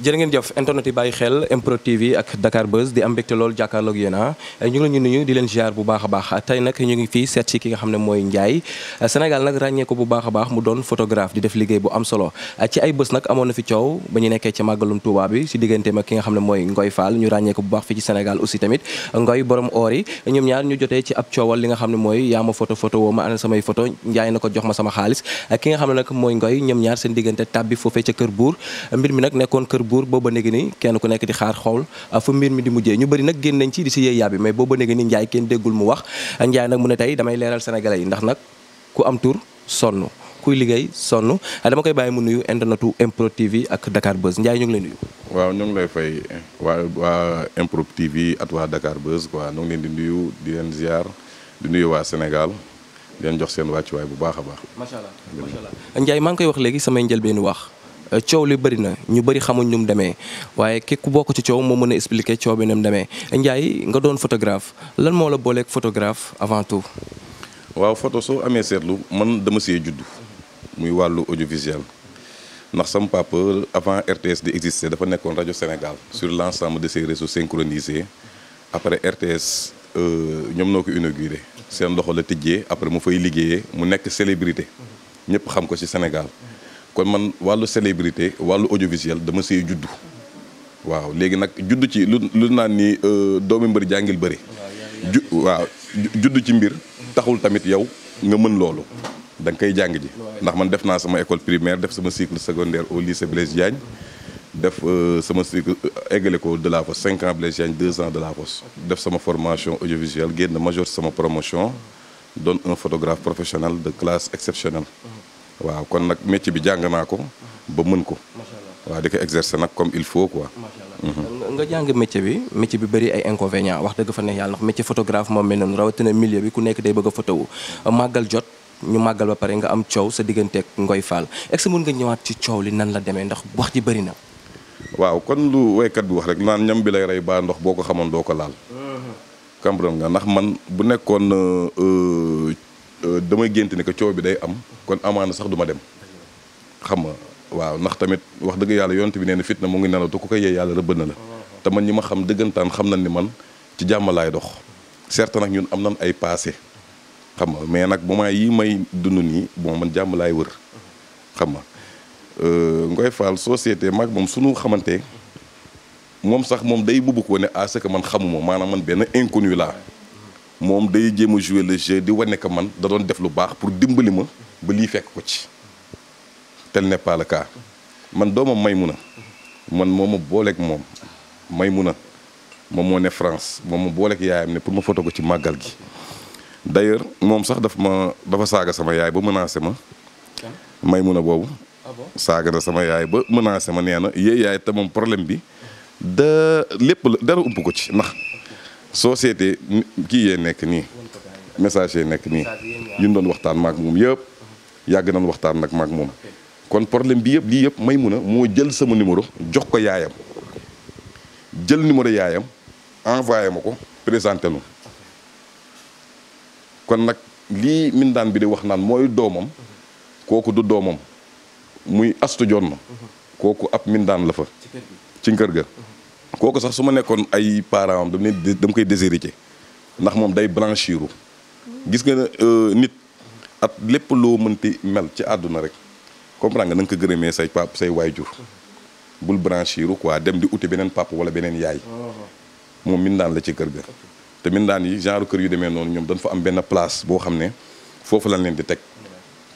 jërë ngeen jëf internet yi bàyyi xel MPROD TV ak lool jàkkaarloog a ah. ñu ngi leen di leen ziar bu baax a baax tey nag ñu seet ki nga xam ne mooy Ndiaye Sénégal nag ràññee ko bu baax a baax mu doon photographe di def liggéey bu am solo ci ay bés nag amoon na fi ba ñu nekkee ci màggalum Touba bi si digganteem ak ki nga xam ne mooy Ngoy Fall ñu ràññee ko bu baax fii ci Sénégal aussi tamit Ngoy borom oor yi ñoom ñaar ñu jotee ci ab li nga xam ne mooy yaa ma photo photo woo ma ana samay photo na ko jox ma sama xaalis ki nga xam ne nag mooy Ngoy ñoom ñaar seen diggante tàbbi foofee ca kër buur mbir mi nag nekkoon kër buur booba néegi ni kenn ku nekk di xaar xool ah, fu mbir mi di mujjee ñu bari nag génn nañ ci di si yéey yàbbi mais booba néegi ni Ndiaye kenn déggul mu wax Ndiaye nag mu tey damay leeral sénégalais yi ndax nag ku am tur sonn kuy liggéey sonn dama koy bàyyi mu nuyu internetu Impro TV ak Dakar Buzz Ndiaye ñu ngi lay waaw ñu ngi lay fay waa waa Impro at waa Dakar Buzz quoi ñu ngi leen di nuyu di leen ziar di nuyu waa Sénégal. leen jox seen wàccuwaay bu baax a baax. macha allah macha allah Ndiaye koy wax léegi samay njëlbeenu wax coow li bëri na ñu bëri xamuñ nu mu demee waaye kekk boo ko ci coow moo mën a expliquer coow bi ni mu demee Ndiaye nga doon photographe lan moo la booleek photographe avant tout. waaw photo soo amee seetlu man dama see juddu muy wàllu audiovisuel ndax sam papa avant RTS di exister dafa nekkoon rajo Sénégal sur l' ensemble de ses réseaux synchronisés après RTS euh, ñoom noo ko inauguré seen loxo la tijjee après mu fay liggéeyee mu nekk célébrité ñëpp xam ko ci Sénégal. kon man wàllu célébrité wàllu audiovisuel dama see juddu waaw léegi nag juddu ci lu lu naan ni euh, doomi mbër jàngil bëri ju waaw juddu ci mbir taxul tamit yow nga mën loolu da kay koy jàng ji ndax man def naa sama école primaire def sama cycle secondaire au lycée Blaise Diagne def euh, sama cycle euh, eggale ko de la Fosse cinq ans Blaise Diagne deux ans de la Fosse def sama formation audiovisuelle génn major sama promotion doon un photographe professionnel de classe exceptionnelle waaw kon nag métier bi jàng naa ko ba mën ko waaw di ko exercer nag comme il faut quoi mhm. nga jàng métier bi métier bi bari ay inconvénients wax dëgg fa ne yàlla ndax métier photographe moom mel noonu rawatina milieu bi ku nekk day bëgg a photo màggal jot ñu màggal ba pare nga am coow sa digganteeg Ngoy Fall est mën nga ñëwaat ci coow li nan la demee ndax wax ji bëri na waaw kon lu waykat bi wax rek naan ñam bi lay rey baa ndox boo ko xamoon doo ko laal mhm. cambron nga ndax man bu nekkoon euh, Euh, damay gént ni que coow bi day am kon amaana sax duma dem xam nga waaw ndax tamit wax dëgg yàlla yonent bi nee na fitna mu ngi nelaw te ku ko yee yàlla rëbb na la te man ñi ma xam dëggantaan xam nañ ni man ci jàmm laay dox certes nag ñun am na ay passé xam nga mais nag moment yi may dund nii bon man jàmm laay wër xam nga euh, Ngoye Fall société maag moom sunu xamante moom sax moom day bubu koo ne à ce que man xamuma maanaam man benn inconnu laa moom day jéem a jouer le jeu di wane que man da doon def lu baax pour dimbali ma ba lii fekk ko ci tel n'est pas le may man doomam man moo ma booleeg moom Maymuna moom moo ne France moom ma booleeg yaayam ne pour ma foto ko ci màggal gi d'ailleurs moom sax dafa ma dafa saaga sama yaay ba menacé ma Maymuna boobu ah saaga na sama yaay ba menacé ma nee na yéey yaay te moom problème bi da lépp la dara ump ko ci ndax société kii yee nekk nii message yee nekk nii yu doon waxtaan maak moom yëpp yàgg nañ waxtaan nag maak moom kon problème bi yëpp lii yëpp may mun a moo jël sama numéro jox ko yaayam jël numéro yaayam envoyé ma ko présenté nu kon nag lii mindaan bi di wax naan mooy doomam kooku du doomam muy astu joon na kooku ab mindaan la fa ci kër ga kooku sax su ma nekkoon ay parents am dama dam koy déshérité ndax moom day blanchiru gis nga euh, nit at lépp loo mënti mel ci àdduna rek comprendre nga na nga ko gërëmee say pap say waay waajur bul branchiru quoi dem di uti beneen pap wala beneen yaay moom mindaan la ci kër ga te daan yi genre kër yu demee noonu ñoom dañ fa am benn place boo xam ne foofu lañ leen di teg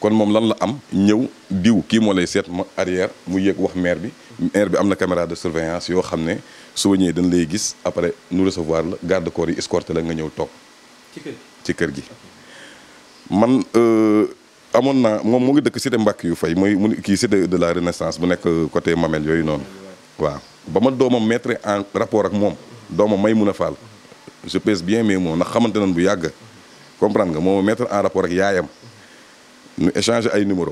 kon moom lan la am ñëw diw kii moo lay seet ma arrière mu yéeg wax maire bi maire bi am na caméra de surveillance yoo xam ne soo ñëwee dañ lay gis après nu recevoir la garde corps yi escorté la nga ñëw toog ci kër gi man euh, amoon naa moom mu ngi dëkk cité Mbàkke yu fay mooy mu kii cité de la renaissance bu nekk euh, côté Mamel yooyu noonu waaw ba ma doomam mettre en rapport ak moom doomam may mun a faal je pèse bien mais moom ndax xamante nañ bu yàgg comprendre nga moo mettre en rapport ak yaayam ñu échanger ay numéro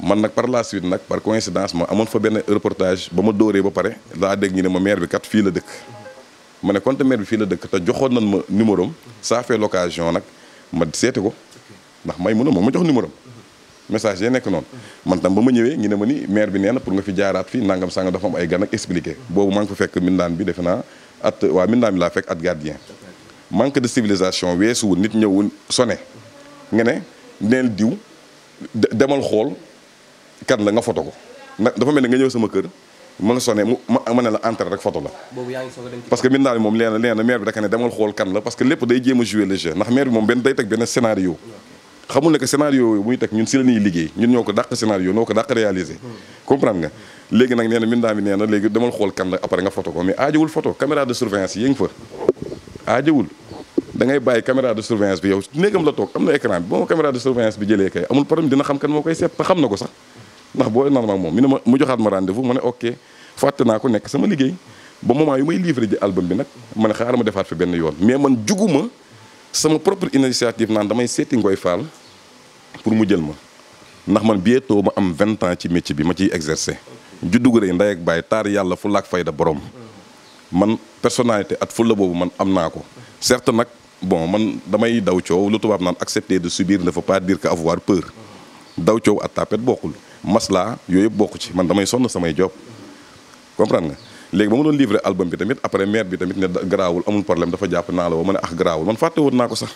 man nag par la suite nag par coïncidence ma amoon fa benn reportage ba ma dóoree ba pare laa dégg ñu ne ma maire bi kat fii la dëkk ma ne konte maire bi fii la dëkk te joxoon nañ ma numéro am ça fait nag ma seeti ko ndax may mun a moom ma jox numéro am message yee nekk noon man tam ba ma ñëwee ñu ne ma ni maire bi nee na pour nga fi jaaraat fii nangam sanga dafa am ay gan ak expliqué boobu maa ngi fekk mindaan bi defe naa at waa mindaan bi laa fekk at gardien manque de civilisation weesuwul nit ñëwul sonné nga ne neel diw demal xool kan la nga foto ko dafa mel ne nga ñëw sama kër ma nga sonné mu ne la entrée rek photo la. yaa ngi parce que min naa ne moom leena leena maire bi daka ne demal xool kan la parce que lépp day jéem a jouer le jeu ndax maire bi moom benn day teg benn scénario. xamul ne scénario yooyu muy teg ñun si la ñuy liggéey ñun ñoo ko dàq scénario noo ko dàq réaliser. comprendre nga léegi nag nee na min naa nee na léegi demal xool kan la après nga photo ko mais aajowul photo da ngay bàyyi caméra de surveillance bi yow néegam la toog am na écran bi boo ma caméra de surveillance bi jëlee kay amul problème dina xam kan moo koy seet te xam na ko sax ndax boo naan ak moom mu joxaat ma rendez-vous ma ne ok fàtte naa ko nekk sama liggéey ba moment yu may livré ji album bi nag ma ne xaaral ma defaat fi benn yoon mais juguma sama propre initiative naan damay seeti Ngoy Fall pour mu jël ma ndax man bientôt ma am vingt ans ci métier bi ma ciy exercer juddu gu rëy ndey ak bàyyi taar yàlla fu laak fayda borom man. personnalité at fulla boobu man am naa ko certes nag bon man damay daw coow lu tubaab naan accepter de subir ne veut pas dire que avoir peur daw coow at tapet bokkul maslaa yooyu yëpp bokku ci man damay sonn samay job comprendre nga léegi ba ma doon livré album bi tamit après maire bi tamit ne garaawul amul problème dafa jàpp naa la woo ma ne ax ah, garaawul man fàtte woon naa ko sax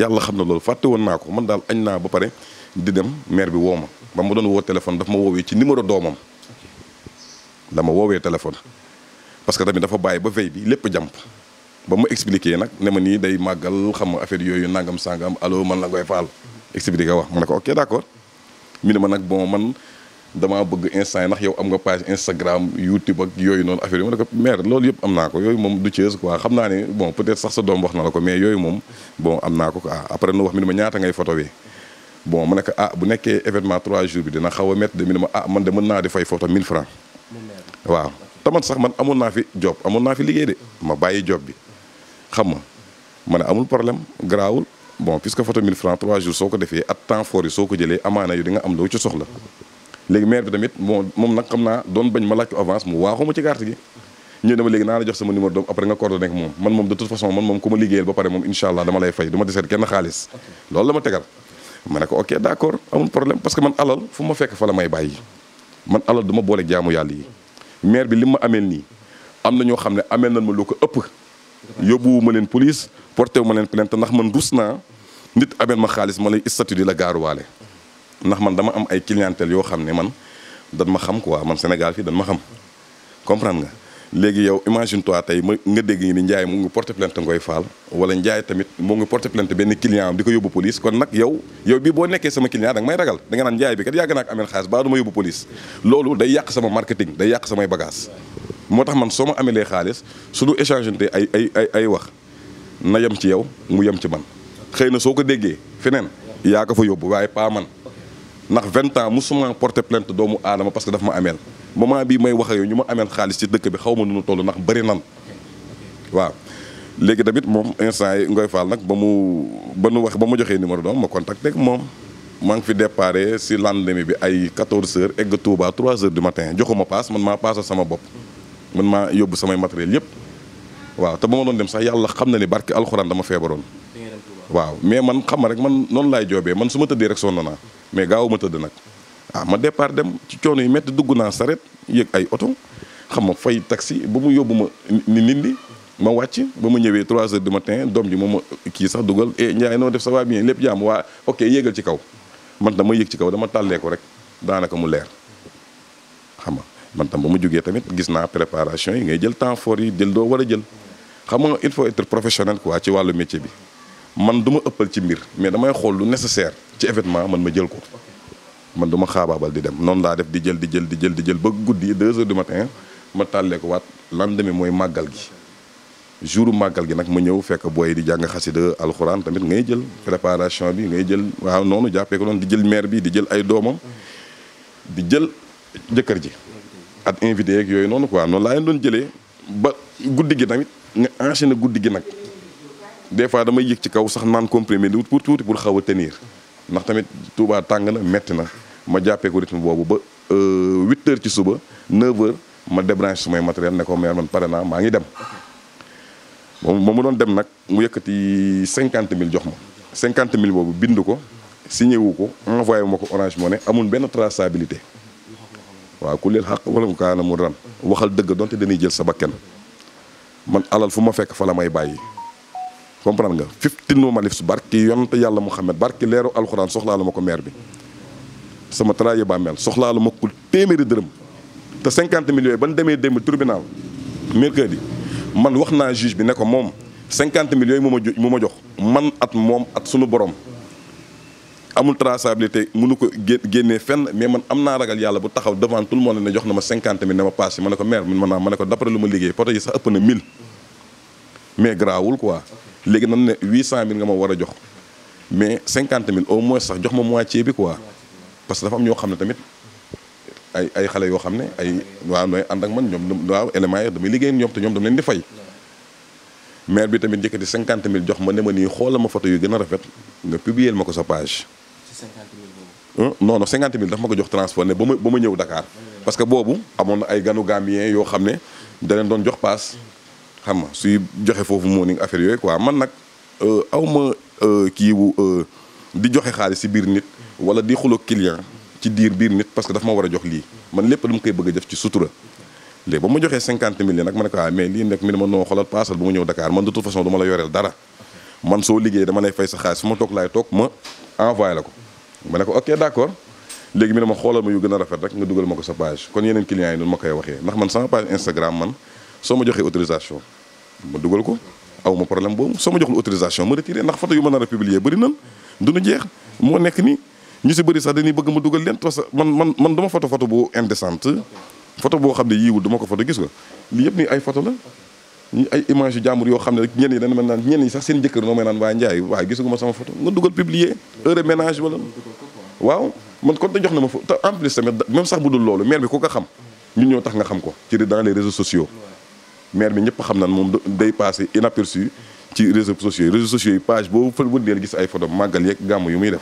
yàlla xam na loolu fàtte woon naa ko man daal añ naa ba pare di dem maire bi woo ma ba ma doon woo téléphone daf ma woowee ci numéro doomam woowee téléphone parce que tamit dafa bàyyi ba veille bi lépp jàmp ba mu expliqué nag ne ma nii day màggal xam nga affaire yooyu nangam sangam allo man la koy faal expliqué wax ma ne ko ok d'accord mi ne ma bon man damaa bëgg instant yi ndax yow am nga page Instagram YouTube ak yooyu noonu affaire yi loolu yëpp am naa ko yooyu moom xam naa ne bon peut-être sax sa doom wax mais yooyu moom bon am naa ko quoi après nu wax mi ngay photo bi bon ma ah bu nekkee événement 3 jours bi dina xaw a métti de mi ne ma ah de mën naa di fay photo 1000 francs waaw tamat sax man amoon naa fi job amoon naa fi liggéey de ma bàyyi job bi xam ma ma ne amul problème garaawul bon puisque photo 1000 francs 3 jours soo ko defee at temps fort yi soo ko jëlee amaana yu di nga am loo ci soxla léegi maire bi tamit bon moom nag xam naa doon bañ ma laaj ko avance mu waaxuma ci carte gi ñëw dama léegi naa la jox sama numéro doom après nga coordonné ak moom man moom de toute façon man moom ku ma liggéeyal ba pare moom incha allah ma deseet kenn xaalis ne ko ok d'accord amul problème parce que man alal fu fekk fa may bàyyi man alal du ma boole jaamu yi maire bi li ma amee nii am na ñoo xam ne amee nañ ma lu ko ëpp yóbbuwu ma leen police porté wu ma leen plainte ndax man rus naa nit ameel ma xaalis ma lay statut di la gaaruwaale ndax man dama am ay clientèle yoo xam ne man dan ma xam ko waa man Sénégal fii dan ma xam comprendre nga léegi yow imagine toi tey ma nga dégg ni njaay mu ngi porté plainte Ngoy Fall wala Ndiaye tamit mu ngi porté plainte benn client am di ko yóbbu police kon nag yow yow bii boo nekkee sama client da nga may ragal da nga naan Ndiaye bi kat yàgg naa ak ameen xaalis baa du ma yóbbu police loolu day yàq sama marketing day yàq samay bagage moo tax man soo ma ameelee xaalis suñu échange te ay ay ay ay wax na yem ci yow mu yem ci man xëy na soo ko déggee feneen yaa fa yóbbu waaye pas man ndax vingt ans musuma porté plainte doomu aadama parce que daf ma ameel moment bii may waxee ak ñu ma ameel xaalis ci dëkk bi xaw ma nu mu toll ndax bëri nan waaw léegi tamit moom instant yi Ngoy Fall nag ba mu ba wax ba mu joxee numéro doom ma contacté ak moom maa ngi fi déparé si lendemain bi ay 14 heures egg Touba 3 heures du matin joxuma paas man maa paasal sama bopp man maa yóbbu samay matériel yëpp waaw te ba ma doon dem sax yàlla xam na ni barki alxuraan dama feebaroon waaw mais man xam rek man noonu laay joobee man su ma tëddee rek mais gaawu ma tëdd nag ah ma départ dem ci coono yu métti dugg naa saret yéeg ay oto xam ma fay taxi ba mu yóbbu ma ni nit ñi ma wàcc ba ma ñëwee 3 heures du matin doom ji moom kii sax dugal e noo def ça va bien lépp jaam waa ok yéegal ci kaw man tam ma yéeg ci kaw dama tàllee ko rek daanaka mu leer xam nga man tam ba mu jógee tamit gis naa préparation yi ngay jël temps fort yi jël doo war a jël xam nga il faut être professionnel quoi ci wàllu métier bi man du ma ëppal ci mbir mais damay xool lu nécessaire ci événement man ma jël ko man du ma xaabaabal di dem noonu laa def di jël di jël di jël di jël ba guddi deux heures du matin ma tàllee ko waat lendemain mooy màggal gi jouru màggal gi nag ma ñëw fekk booy di jàng xasida alxuraan tamit ngay jël préparation bi ngay jël waaw noonu jàppee ko noonu di jël maire bi di ay doomam di jël jëkkër ji at invité yooyu noonu quoi noonu laa leen doon jëlee ba guddi gi tamit nga enchaîné guddi gi nag des fois damay yëg ci kaw sax naan comprimé pour tuuti pour xaw a tenir ndax tamit tuubaa tàng na metti na ma jàppee ko rythme boobu ba 8 euh, heures ci suba 9 ma ma su may matériel nekko ko mais man pare naa maa ngi dem moom mu doon dem nag mu yëkkati 50 mille jox ma 50 000 boobu bind ko signé wu ko envoyé ma ko Orange Money amul benn traçabilité waaw ku leen xaq wala mu na mu ran waxal dëgg donte dañuy jël sa bakkan man alal fu ma fekk fa la may bàyyi comprendre nga fiftinuma lif su barki yonent yàlla mu Muhammad barki leeru alxuraan soxlaa ma ko maire bi sama travail soxlaa soxlaalu ma ku téeméeri dërëm te cinquante millions yi ba ñu demee démb tribunal mercredi man wax naa juge bi ne ko moom cinquante millions yi mu ma jox mu ma jox man at moom at sunu borom amul mu mënu ko génnee fen mais man am naa ragal yàlla bu taxaw devant tout le monde ne jox na ma cinquante mille ne ma paase ma ne ko ma ne ko d'après lu ma liggéey poto sax ëpp na mille mais grawul quoi léegi nan ne huit cent mille nga ma war a jox mais cinquante mille au moins sax jox ma moitié bi quoi. parce que dafa am ñoo xam ne tamit ay ay xale yoo xam ne ay waaw nooy ànd ak man ñoom waaw éléments yi damay liggéey ñoom te ñoom dama leen di fay maire bi tamit di cinquante mille jox ma ne ma ni xoolama ma photo yu gën a rafet nga publier ma ko sa page. non non cinquante mille daf ma ko jox transport ne ba ma ba ma ñëw Dakar parce que boobu amoon na ay ganu Gambien yoo xam ne da doon jox paas xam nga suy joxe foofu moo ni affaire yooyu quoi man nag euh, aw ma euh, kii wu euh, di joxe xaalis si biir nit. wala di xuloo client ci diir biir nit parce que dafa ma war a jox lii man lépp lu mu koy bëgg a def ci sutura léegi ba ma joxee cinquante mille nag ma ne ah mais lii nekk mi ne ma noo xoolal paasal bu ma ñëw Dakar man de toute façon du ma la yoreel dara man soo liggéey dama lay fay sa xaalis fu ma toog laay toog ma envoyé la ko ma ne ko ok d'accord léegi mi ne ma xoolal ma yu gën a rafet rek nga dugal ma ko sa page kon yeneen clients yi noonu ma koy waxee ndax man sama page Instagram man soo ma joxee autorisation ma dugal ko aw ma problème boobu soo ma joxul autorisation ma retiré ndax photo yu ma nar a publier bëri nan dunu jeex moo nekk nii ñu si bëri sax dañuy bëgg ma dugal leen parce que man man man dama foto foto bu indécente foto boo xam ne yiiwul ma ko foto gis nga lii yëpp nii ay foto la ñu ay image yu yoo xam ne rek ñenn yi dañ mel naan ñenn yi sax seen jëkkër noo may naan waa Ndiaye waaye gisaguma sama photo waaw man kon jox na ma fa te en plus tamit même sax bu dul loolu maire bi ku ko xam ñun ñoo tax nga xam ko ci dans les réseaux sociaux maire bi ñëpp moom day passé inaperçu ci réseaux sociaux yi réseaux sociaux yi page boobu fël gis ay photo màggal yeeg gàmm yu muy def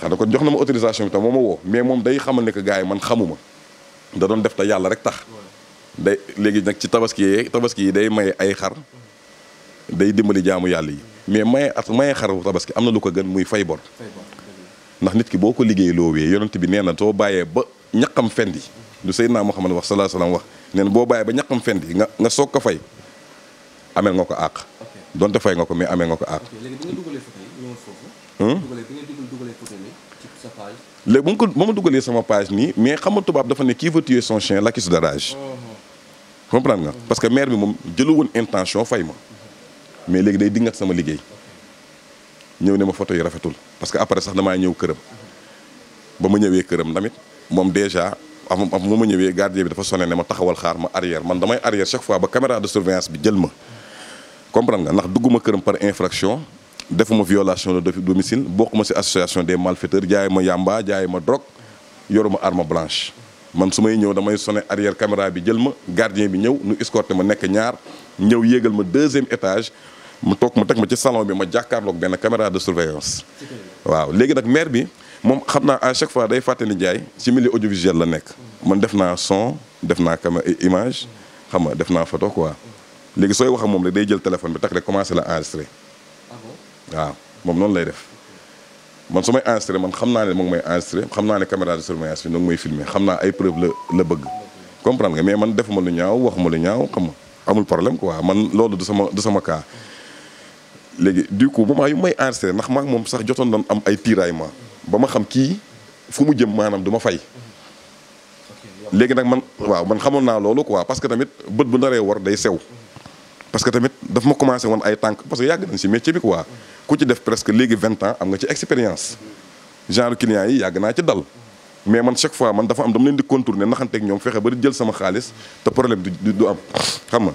xanaa kon jox na ma autorisation bi tam moo ma mais moom day xamal ne que gars yi man xamuma da doon def ta yàlla rek tax day léegi nag ci tabaski yi tabaski yi day maye ay xar day dimbali jaamu yàlla yi mais maye at maye xaru tabaski am na lu ko gën muy fay bor ndax nit ki boo ko liggéey loo loowee yonent bi nee na soo bàyyee ba ñaqam fendi lu Seydina Muhammad wax salaa salaam wax nee na boo bàyyee ba ñaqam fendi nga nga soog ko fay ameel nga ko àq donte fay nga ko mais amee nga ko àq léegi ba mu ko ba ma duggalee sama page nii mais xam nga tubaab dafa ne qui veut tuer son chien l'accuse de rage oh. comprendre nga parce que maire bi moom jëlu woon intention fay ma mais léegi day dingat sama liggéey ñëw ne ma photo yi rafetul parce que après sax damaa ñëw këram ba ma ñëwee këram tamit moom déjà am am ma ñëwee gardien bi dafa sonné ne ma taxawal xaar ma arrière man damay arrière chaque fois ba caméra de surveillance bi jël ma comprendre nga ndax dugguma këram par infraction defuma violation de domicile bokkuma si association des malfaiteurs jaay ma yàmba jaay ma drogue yoruma arme blanche man su may ñëw damay sonné arrière caméra bi jël ma gardien bi ñëw nu escorté ma nekk ñaar ñëw yéegal ma deuxième étage mu toog ma teg ma ci salon bi ma jàkkaarloog benn caméra de surveillance waaw léegi nag maire bi moom xam naa à chaque fois day fàttali jaay ci milieu audiovisuel la nekk man def naa son def naa caméra image xam nga def naa photo quoi léegi sooy wax ak moom jël téléphone bi tak rek commencé la enregistré waaw moom noonu lay def man su may enregistré man xam naa ne moom may enregistré xam naa ne caméra de surveillance bi noonu may filmé xam naa ay preuve la la bëgg comprendre nga mais man defuma lu ñaaw waxuma lu ñaaw xam nga amul problème quoi man loolu du sama du sama cas léegi du coup moment yu may enregistré ndax maak moom sax jotoon nañ am ay tiraillement ba ma xam kii fu mu jëm maanaam du ma fay léegi nag man waaw man xamoon naa loolu quoi parce que tamit bët bu naree war day sew parce que tamit daf ma commencé woon ay tànk parce que yàgg nañ si métier bi quoi ku ci def presque léegi vingt ans am nga ci expérience genre client yi yàgg naa ci dal mais man chaque fois man dafa am dama leen di contourner naxanteeg ñoom fexe ba di jël sama xaalis te problème du du am xam nga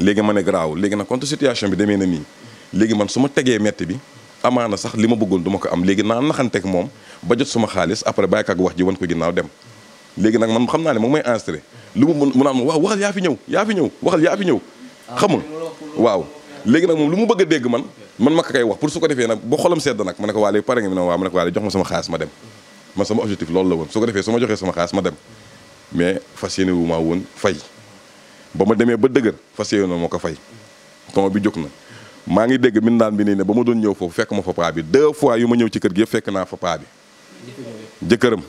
léegi ma ne garaaw léegi nag compte situation bi demee na nii léegi man su ma tegee metti bi amaana sax li ma bëggoon du ko am léegi naa naxanteeg moom ba jot suma xaalis après bàyyi ko wax ji wan ko ginnaaw dem léegi nag man xam naa ne moom may enregistré lu mu mun a am waaw waxal yaa fi ñëw yaa fi ñëw waxal yaa fi ñëw ah, xam nga waaw léegi nag moom lu mu bëgg a dégg man man ma ko koy wax pour su ko defee nag boo xolam sedd nag ma ne ko waa léegi pare nga mi ne waa ma ne ko waa léegi jox ma sama xaalis ma dem man sama objectif loolu la woon su ko defee su ma joxee sama xaalis ma dem mais fas yéene wu maa woon fay ba ma demee ba dëgër fas yéene na moo ko fay tama bi jóg na maa ngi dégg min bi nii ne ba ma doon ñëw foofu fekk ma fa paa bi deux fois yu ma ñëw ci kër gi yëpp fekk naa fa paa bi jëkkëram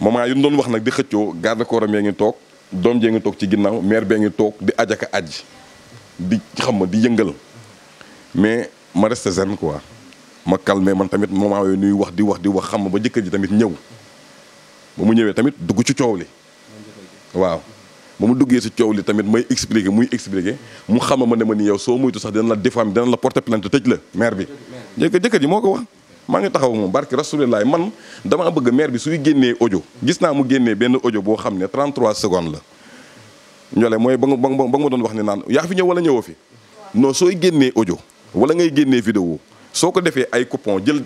moment yu doon wax nag di xëccoo garde corps am ngi toog doom jee ngi toog ci ginnaaw mère bee ngi toog di ajaka aj di xam ma di yëngal mais ma reste zen quoi ma calmé man tamit moment yooyu nuy wax di wax di wax xam ma ba jëkkër ji tamit ñëw ba mu ñëwee tamit dugg ci coow li waaw ba mu duggee ci coow li tamit may expliquer muy expliquer mu xam ma ne ma ni yow soo muytu sax dina la diffamer dina la porter plainte tëj la maire bi jëkkër jëkkër ji moo ko wax maa ngi taxaw moom barki rasulilah man damaa bëgg maire bi suy génnee audio gis naa mu génnee benn audio boo xam ne 33 la ñole mooy ba nga ba nga ma doon wax ne naan yaa fi ñëw wala ñëwoo fi no sooy génnee ojo wala ngay génnee vidéo soo ko defee ay coupon jël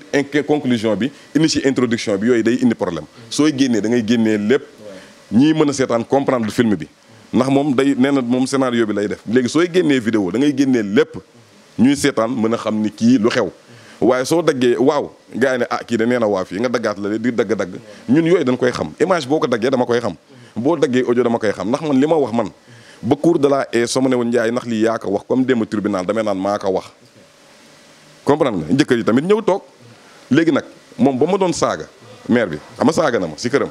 conclusion bi indi introduction bi yooyu day indi problème sooy génnee da ngay génnee lépp ñii mën a seetaan comprendre film bi ndax moom day nee na moom scénario bi lay def léegi sooy génnee vidéo da ngay lépp ñuy seetaan mën a xam ni kii lu xew waaye soo daggee waaw gars yi ne ah kii de nee na waa fii nga daggaat la di dagg-dagg ñun yooyu dañ koy xam image boo ko daggee dama koy xam boo daggee ojo dama koy xam ndax man li ma wax man ba cour de la soma ne woon Ndiaye ndax li yaa ko wax comme démb tribunal damay naan maa ko wax comprendre nga jëkkër yi tamit ñëw toog léegi nag moom ba ma doon saaga maire bi xam nga saaga na ma si këram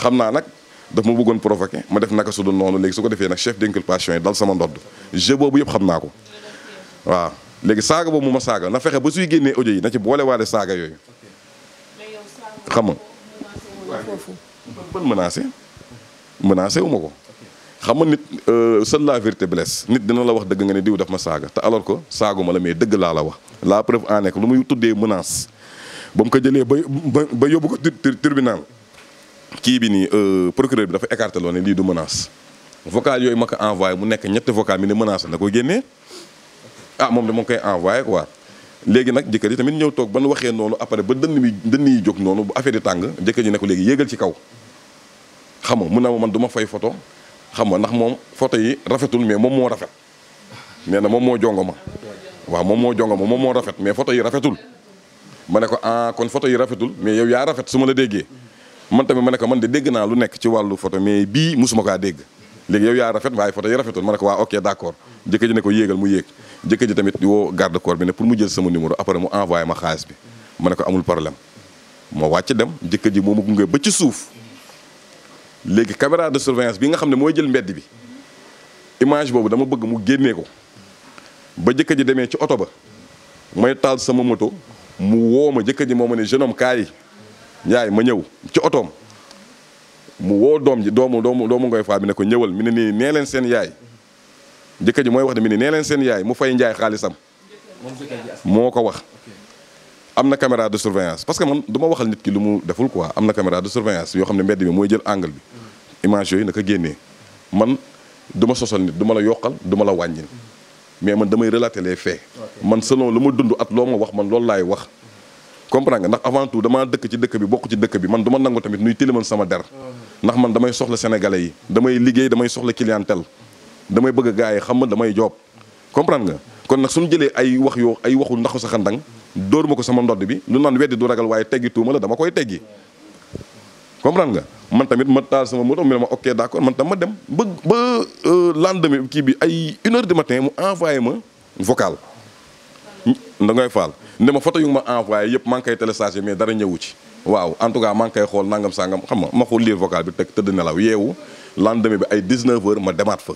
xam naa nag daf ma bëggoon provoqué ma def naka su noonu léegi su ko defee nag chef d'inculpation yi dal sama ndodd jeu boobu yëpp xam naa ko waaw léegi saaga boobu mu ma saaga na fexe ba suy génnee audio yi na ci boole waale saaga yooyu xam nga menacé wu ko. xam nga nit euh, seule la vérité blesse nit dina la wax dëgg nga ne diw daf ma saaga te alors ko saaguma la mais dëgg laa la wax la preuve en est lu muy tuddee menace ba mu ko jëlee ba ba yóbbu ko tribunal kii bi nii euh, procureur bi dafa écarté loo ne lii du menace vocal yooyu ma ko envoyé mu nekk ñetti vocal mi ne menace na ko génnee ah moom de ma koy envoyé quoi léegi nag jëkkër yi tamit ñëw toog ban waxee noonu après ba dënn bi dënn yi jóg noonu bu affaire yi tàng jëkkër yi ne ko léegi yéegal ci kaw xam nga mun naa ma man du ma fay photo xam nga ndax moom photo yi rafetul mais moom moo rafet nee na moom moo jongo ma waaw moom moo jongo ma moom moo rafet mais photo yi rafetul ma ne ko ah kon photo yi rafetul mais yow yaa rafet su ma la déggee man tamit ma ne ko man de dégg naa lu nekk ci wàllu photo mais bii musuma kaa dégg léegi yow yaa rafet waaye photo yi rafetul ma ne waa ok d'accord jëkkër ne ko yéegal mu yéeg jëkkër ji tamit woo garde corps bi ne pour mu jël sama numéro après mu envoyé bi ma ne ko amul problème ma wàcc dem jëkkër ji moom mu gunge ba ci suuf léegi caméra de surveillance bi nga xam ne mooy jël mbedd bi image boobu dama bëgg mu génnee ko ba jëkkër ji demee ci oto ba may taal sama moto mu woo ma jëkkër ji moo ma ne jeune kaay yi ma ñëw ci otoom mu woo doom ji doomu doomu doomu ngoy faa bi ne ko ñëwal mu ne nii nee leen seen yaay jëkkër mooy wax ne mi ne nee leen seen yaay mu fay njaay xaalisam moo ko wax am na caméra de surveillance parce que man du ma waxal nit ki lu mu deful quoi am na caméra de surveillance yoo xam ne mbedd mi mooy jël angle bi image yooyu naka man du ma sosal nit du la yokkal du la wàññil mais man damay relater les faits man selon lu ma dund at loo ma wax man loolu laay wax comprends ndax avant tout damaa dëkk ci dëkk bi bokk ci dëkk bi man du ma nangu tamit nuy tilimal sama der mhm. ndax man damay soxla sénégalais yi damay liggéey damay soxla clientèle damay bëgg a gars yi xam ma damay joob comprendre nga kon nag suñu jëlee ay wax yoo ay waxu ndaxu sa xandang dóor ma ko sama ndodd bi lu naan weddi du ragal waaye teggi tuuma la dama koy teggi comprendre nga man tamit ma taal sama moto mu ne ma ok d'accord man tam ma dem ba ba euh, lendemain kii bi ay une heure du mu envoyé ma vocal da ngay faal ne ma photo yu ma envoyé yëpp maa ngi koy téléchargé mais dara ñëwu ci waaw en tout cas maa ngi koy xool nangam sangam xam ma xool lire vocal bi teg tëdd nelaw yeewu lendemain bi ay 19 ma demaat fa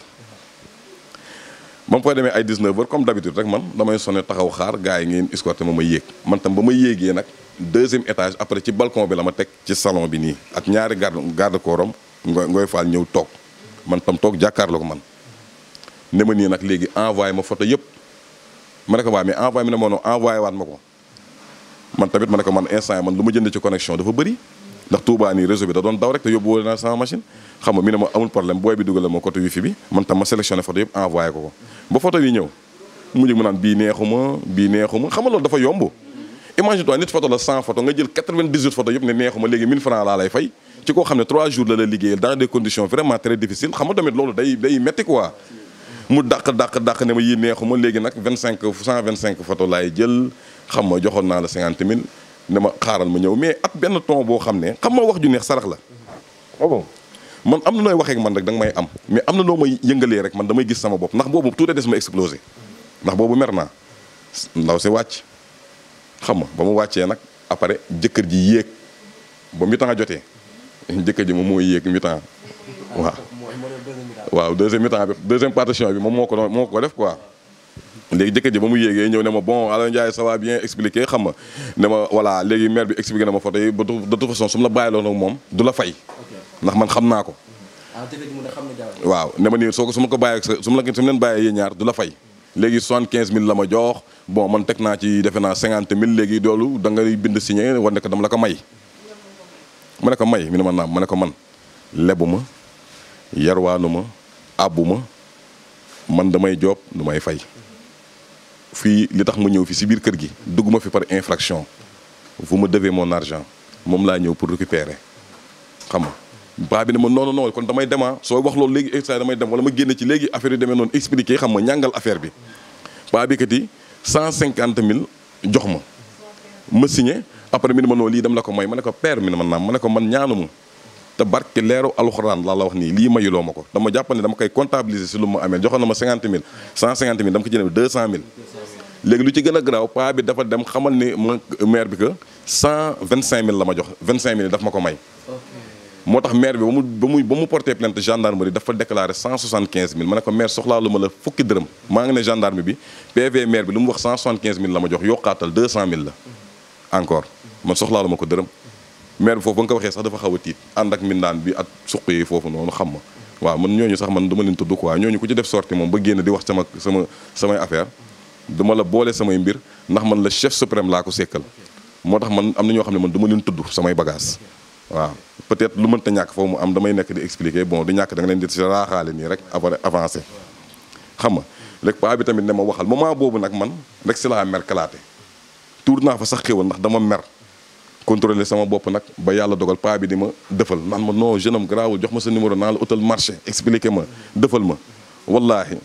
ba mu fay demee ay 19 heures comme d'habitude rek man damay sonné taxaw xaar gars yi ngeen escorté ma ma yéeg man tam ba ma yéegee nag deuxième étage après ci balcon bi la ma teg ci salon bi nii ak ñaari garde garde kooram ngoy ngoy faal ñëw toog man tam toog jàkkaarloo man ne ma nii nag léegi envoyé ma foto yëpp ma ne ko waa mais envoyé mi ne ma non envoyé waat ma ko man tamit ma ne ko man instant man lu ma jënd ci connexion dafa bëri ndax Touba nii man tam ma sélectionné photo yëpp ko ba photo yi ñëw mu jóg mu naan bii neexuma bii neexuma xam nga loolu dafa yomb imagine toi nit photo la 100 photo nga jël 98 photo yëpp ne neexuma léegi 1000 francs laa lay fay ci koo xam ne 3 jours la la liggéeyal dans des conditions vraiment très difficiles xam nga tamit loolu day day metti quoi mu dàq dàq ne ma yii neexuma léegi nag vingt 25 125 photo laay jël xam ma joxoon naa la 50 000 ne ma xaaral ma ñëw mais at benn temps boo xam ne xam nga wax ju neex sarax la. Ah man am na nooy waxeek man rek da nga may am mais am na noo may yëngalee rek man damay gis sama bopp ndax boobu tuuti des ndax boobu mer naa ndaw si wàcc xam nga ba mu wàccee nag après jëkkër ji yéeg ba mi temps jotee jëkkër ji moom mooy yéeg mi temps waaw waaw deuxième mi temps bi deuxième partition bi moom moo ko moo ko def quoi léegi jëkkër ji ba mu yéegee ñëw ne ma bon Alioune Ndiaye ça va bien expliqué xam nga ne ma voilà léegi maire bi expliqué na ma photo yi ba de toute façon su ma la bàyyi loon moom du la fay ndax man xam naa ko ah, waaw ne ma nii soo ko su ma ko bàyyee sa su ma la su ma leen bàyyee yéen ñaar du la fay léegi soixante-quinze mille la ma jox bon man teg naa ci defe naa cinquante mille léegi doolu da bind signé war ne ko dama la ko may ma ne ko may mi ne ma naam ma ko man lebu ma yarwaanu ma àbbu ma man damay joob du may fay fii li tax ma ñëw fi si biir kër gi dugguma fi par infraction vous me devez mon argent moom laa ñëw pour récupérer xam nga baa bi ne ma non non kon damay dema ah, soo wax loolu léegi extra damay dem wala ma génne ci léegi affaire yu demee noonu expliqué xam ma ñàngal affaire bi baa bi kat yi cent cinquante mille jox ma ma signé après mi ma noonu lii dem la ko may ma ne ko père mi ne ma naam ma ne ko man ñaanuma te barke leeru alxuraan laa la wax nii lii loo ma ko dama jàpp ne dama koy comptabiliser si lu ma amee joxoon na ma cinquante mille cent cinquante mille dama ko jëndee deux cent mille léegi lu ci gën a garaaw bi dafa dem xamal ni ma maire bi que cent vingt mille la ma jox vingt cinq mille daf ma ko may moo tax maire bi ba mu ba muy ba mu porté plainte gendarmerie dafa déclaré cent soixante quinze mille ma ne ko maire soxlaalu la fukki dërëm maa ngi ne gendarme bi PV maire bi lu mu wax cent soixante quinze mille la ma jox yokkaatal deux cent mille la encore man soxlaalu ma ko dërëm maire bi foofu nga ko waxee sax dafa xaw a tiit ànd ak mindaan bi ak suq yi foofu noonu xam ma waaw man ñooñu sax man dama leen tudd quoi ñooñu ko ci def sorti moom ba génn di wax sama sama affaire duma la boole samay mbir ndax man la chef suprême laa ko sekkal moo tax man am na ñoo xam ne man dama leen tudd samay bagage waaw peut-être lu mënta ñàkk foofu mu am damay nekk di expliquer bon du ñàkk da nga leen di raaxaale nii rek avant avancé xam nga léegi paa bi tamit ne ma waxal ma moment boobu nag man rek si laa mer kalaate tuur naa fa sax xéwal ndax dama mer contrôler sama bopp nag ba yàlla dogal paa bi di ma dëfal naan ma noo jeune am garaawul jox ma sa numéro naa la utal marché expliquer ma dëfal ma wallaahi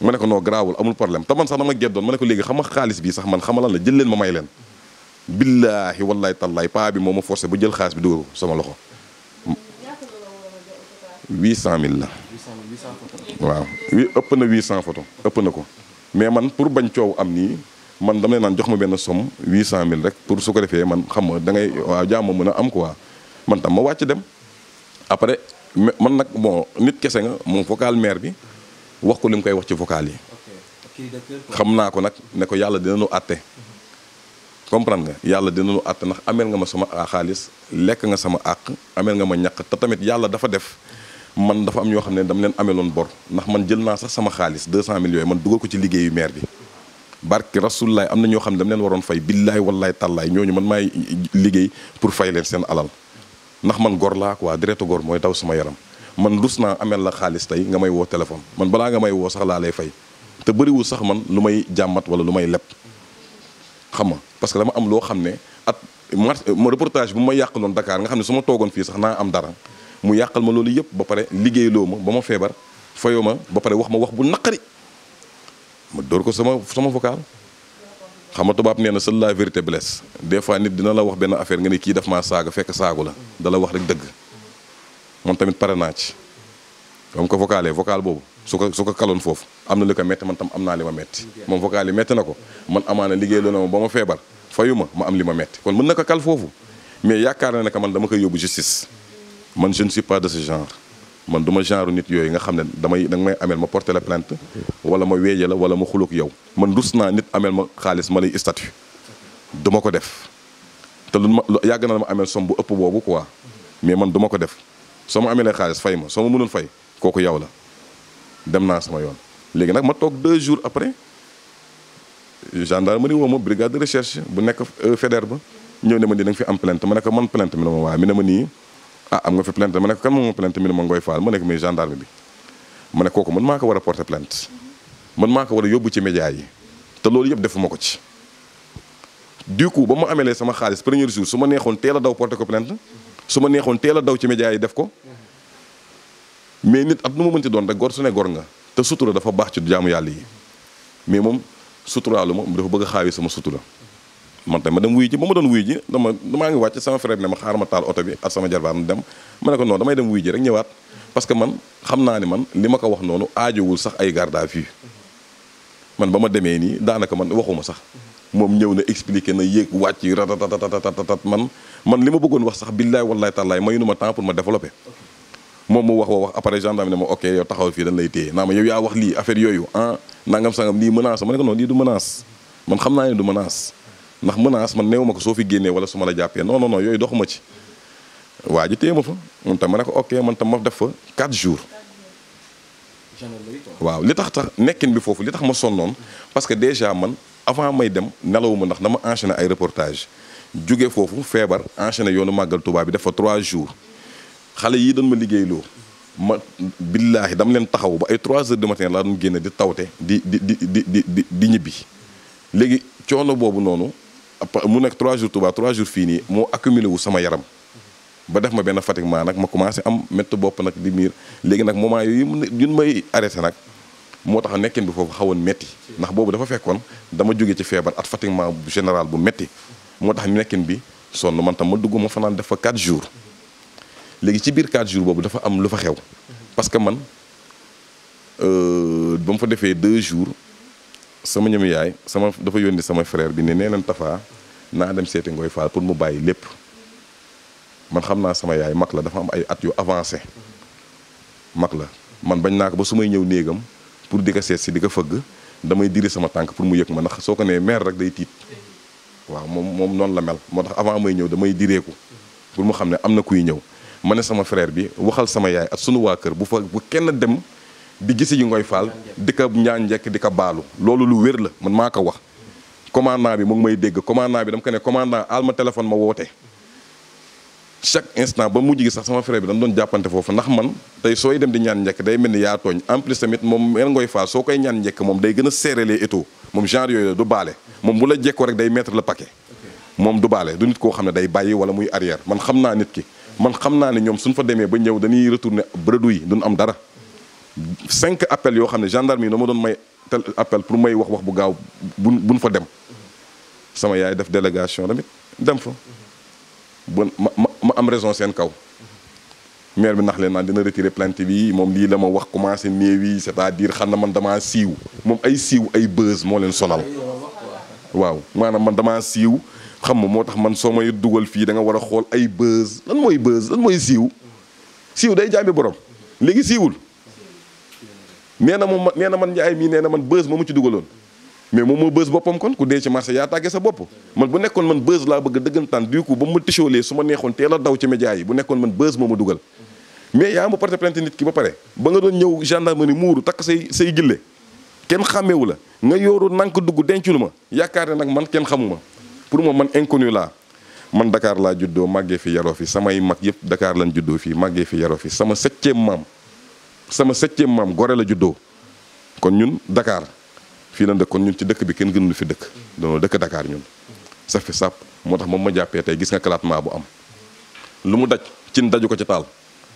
ma ne ko non garaawul amul problème te man sax dama geddoon ma ne ko léegi xam nga xaalis bii sax man xamalan la jël leen ma may leen billaahi wallahi tallaay paa bi moom ma forcé bu jël xaalis bi dugal ko sama loxo. cent 800000 la. 800000 waaw ëpp na 800 photo ëpp na ko mais man pour bañ coow am nii man dam dama naan jox ma benn somme 800000 rek pour su ko defee man xam ma da ngay waaw jàmm mën a am ko waa man tam ma wàcc dem. après man nag bon nit kese nga moom vocal maire bi wax ko li mu koy wax ci vocal yi. xam naa ko nag ne ko yàlla dina nu àtte. comprendre nga yàlla dinañu àtt ndax ameel nga ma sama xaalis lekk nga sama àq ameel nga ma ñàq te tamit yàlla dafa def man dafa am ñoo xam ne dama leen ameloon bor ndax man jël naa sax sama xaalis 200 millions yooyu man dugg ko ci liggéeyu maire bi barke rasulilah am na ñoo xam ne dama leen waroon fay billaay wallaay tàllaay ñooñu man maay liggéey pour fay leen seen alal ndax man gor laa ko waa deretu gor mooy daw sama yaram man rus naa ameel la xaalis tey nga may woo téléphone man balaa nga may woo sax laa fay te bëriwul sax man lu may jàmmat wala lu may lepp xam nga parce que dama am loo xam ne at ma reportage bu ma yàqaloon Dakar nga xam ne su ma toogoon fii sax naa am dara mu yàqal ma loolu yëpp ba pare liggéeyloo ma ba ma feebar fayoo ma ba pare wax ma wax bu naqari ma dóor ko sama sama vocal. xam nga tubaab nee na seule la vérité blesse des fois nit dina la wax benn affaire nga ne kii daf maa saaga fekk saagu la dala wax rek dëgg moom tamit pare naa ci. ba mu ko vocalé vocal boobu su ko su ko kaloon foofu. am na lu ko métti man tam am naa li ma métti moom vocal yi na ko man amaana liggéey loolu ma ba ma feebar fayu ma ma am li ma métti kon mën na ko kal foofu mais yaakaar na ne que man dama koy yóbbu man je ne suis pas genre man du ma genre nit yooyu nga xam ne damay danga may ameel ma porté wala ma weeje la wala ma xuluk yow man rus naa nit ameel ma xaalis ma lay statut ko def te lu ma yàgg na ma ameel som bu ëpp boobu quoi mais man du ko def soo ma ameelee xaalis fay ma soo ma mënul fay kooku yow la dem naa sama yoon léegi nag ma toog deux jours après gendarmerie woo ma brigade de recherche bu nekk euh, fédère ba ñëw ne ma nii fi am plainte ma ne ko man plainte mi ne ma waaye mi ne ma nii ah am nga fi plainte ma ne ko kan moom ma plainte mi ne ma Ngoye Fall ma nekk muy gendarme bi ma ne kooku man maa ko war a porter plainte man maa ko war a yóbbu ci média yi te loolu yëpp defuma ko ci du coup ba ma ameelee sama xaalis premier jour su ma neexoon teel a daw porter ko plainte su ma neexoon teel a daw ci média yi def ko mais nit at nu ma mënti doon rek gor su ne gor nga te sutura dafa baax ci jaamu yàlla yi mais moom suturaalu ma dafa bëgg a xaawi sama sutura man tamit ma dem wuy ji ba ma doon wuy ji dama damaa ngi wàcc sama frère ne ma xaaral ma taal oto bi ak sama jarbaar dem ma ne ko damay dem wuy ji rek ñëwaat parce que man xam naa ne man li ma ko wax noonu aajowul sax ay garde à vue man ba ma demee nii daanaka man waxuma sax moom ñëw na expliqué na yéeg wàcc ratatatatat man man li ma bëggoon wax sax billaay wallaay tàllaay nu ma temps pour ma développer moom mu wax wa wax après exemple ne ma ok yow taxawal fii dañ lay téye naa ma yow yaa wax lii affaire yooyu ah nangam sangam lii menace ma ne ko noonu lii du menace man xam naa ne du menace ndax menace man néew ma ko soo fi génnee wala su ma la jàppee non non non yooyu doxuma waa ji ma fa man tam ko ok man tam ma def fa 4 jours. waaw li tax tax nekkin bi foofu li tax ma sonnoon parce que déjà man avant may dem nelawuma ndax dama enchaîné ay reportage jóge foofu feebar enchaîné yoonu màggal Tuubaa bi def fa 3 jours. xale yii doon ma liggéey loo ma billaahi dama leen taxaw ba ay 3 heures du matin laa doon génne di tawte di di di di di di ñibbi léegi coono boobu noonu mu nekk 3 jours Touba 3 jours fii nii moo accumulé wu sama yaram ba def ma benn fatigue nag ma commencé am métti bopp nag di miir léegi nag moment yooyu ñun may arrêté nag moo tax nekkin bi foofu xawoon métti ndax boobu dafa fekkoon dama jóge ci feebar at fatigue général bu métti moo tax nekkin bi sonn man tam ma dugg ma fanaan def fa 4 jours. léegi ci biir 4 jours boobu dafa am lu fa xew parce que man euh, ba mu fa defee 2 jours sama ñoom yaay sama dafa yónni sama frère bi ni nee leen tafaa naa dem seeti ngooy Fall pour mu bàyyi lépp man xam naa sama yaay mag la dafa am ay at yu avancé mag la man bañ naa ko ba su may ñëw néegam pour di ka seet si di ko fëgg damay dire sama tànk pour mu yëg ma ndax soo ko nee meer rek day tiit waaw moom moom noonu la mel moo tax avant may ñëw damay direeku pour mu xam ne am na kuy ñëw mane sama frère bi waxal sama yaay ak sunu waa kër bu fa bu kenn dem di gisi yi ngoy faal di ko ñaan njekk di ko baalu loolu lu wér la man maa ko wax commandant bi mu may dégg commandant bi dama ko ne commandant al ma téléphone ma woote chaque instant ba mujj gi sax sama frère bi dañ doon jàppante foofu ndax man tey sooy di ñaan njekk day mel ni yaa tooñ en moom yan ngoy faal soo koy ñaan njekk moom day gën a serrele étau moom genre yooyu du baale moom bu la jekkoo rek day mettre la pake moom du baale du nit koo xam ne day bàyyi wala muy arrière man xam naa nit ki man xam naa ne ñoom suñ fa demee ba ñëw dañuy retourner bredouille duñ am dara cinq appels yoo xam ne gendarmerie na ma doon may tel appel pour may wax wax bu gaaw bu buñ fa dem sama yaay def délégation tamit dem fa bon ma ma am raison seen kaw maire bi nax leen naan dina retirer plainte bi moom lii la ma wax commencé néew yi c'est-à-dire xam na man damaa siiw moom ay siiw ay buzz moo leen sonal waaw maanaam man damaa siiw xam ma moo tax man soo may dugal fii danga war a xool ay buzz lan mooy buzz lan mooy siiw siiw day jaami borom léegi siiwul nee na moom nee na man njaay mii nee na man buzz moomu ci dugaloon mais moom moo buzz boppam kon ku dee ci marché yaa tàggee sa bopp man bu nekkoon man buzz laa bëgg dëggantaan du coup ba mu tichoolee ma neexoon teel a daw ci média bu nekkoon man buzz moo ma dugal mais yaa ma porté plainte nit ki ba pare ba nga doon ñëw gendarmerie muuru takk say say gille kenn xàmmeewu la nga yooru nank dugg denculu ma yaakaar ne nag man kenn xamuma pour moom man inconnu laa man Dakar laa juddoo màggee fi yaroo fi samay mag yëpp dakaar lañ juddoo fii màggee fi yaroo fi sama septième maam sama septième maam Gorée la juddoo kon ñun Dakar fii lañ dëkk kon ñun ci dëkk bi kenn gënul fi dëkk doonoo dëkk Dakar ñun sa fi sàpp moo tax moom ma jàppee tey gis nga classement bu am lu mu daj cin daju ko ci taal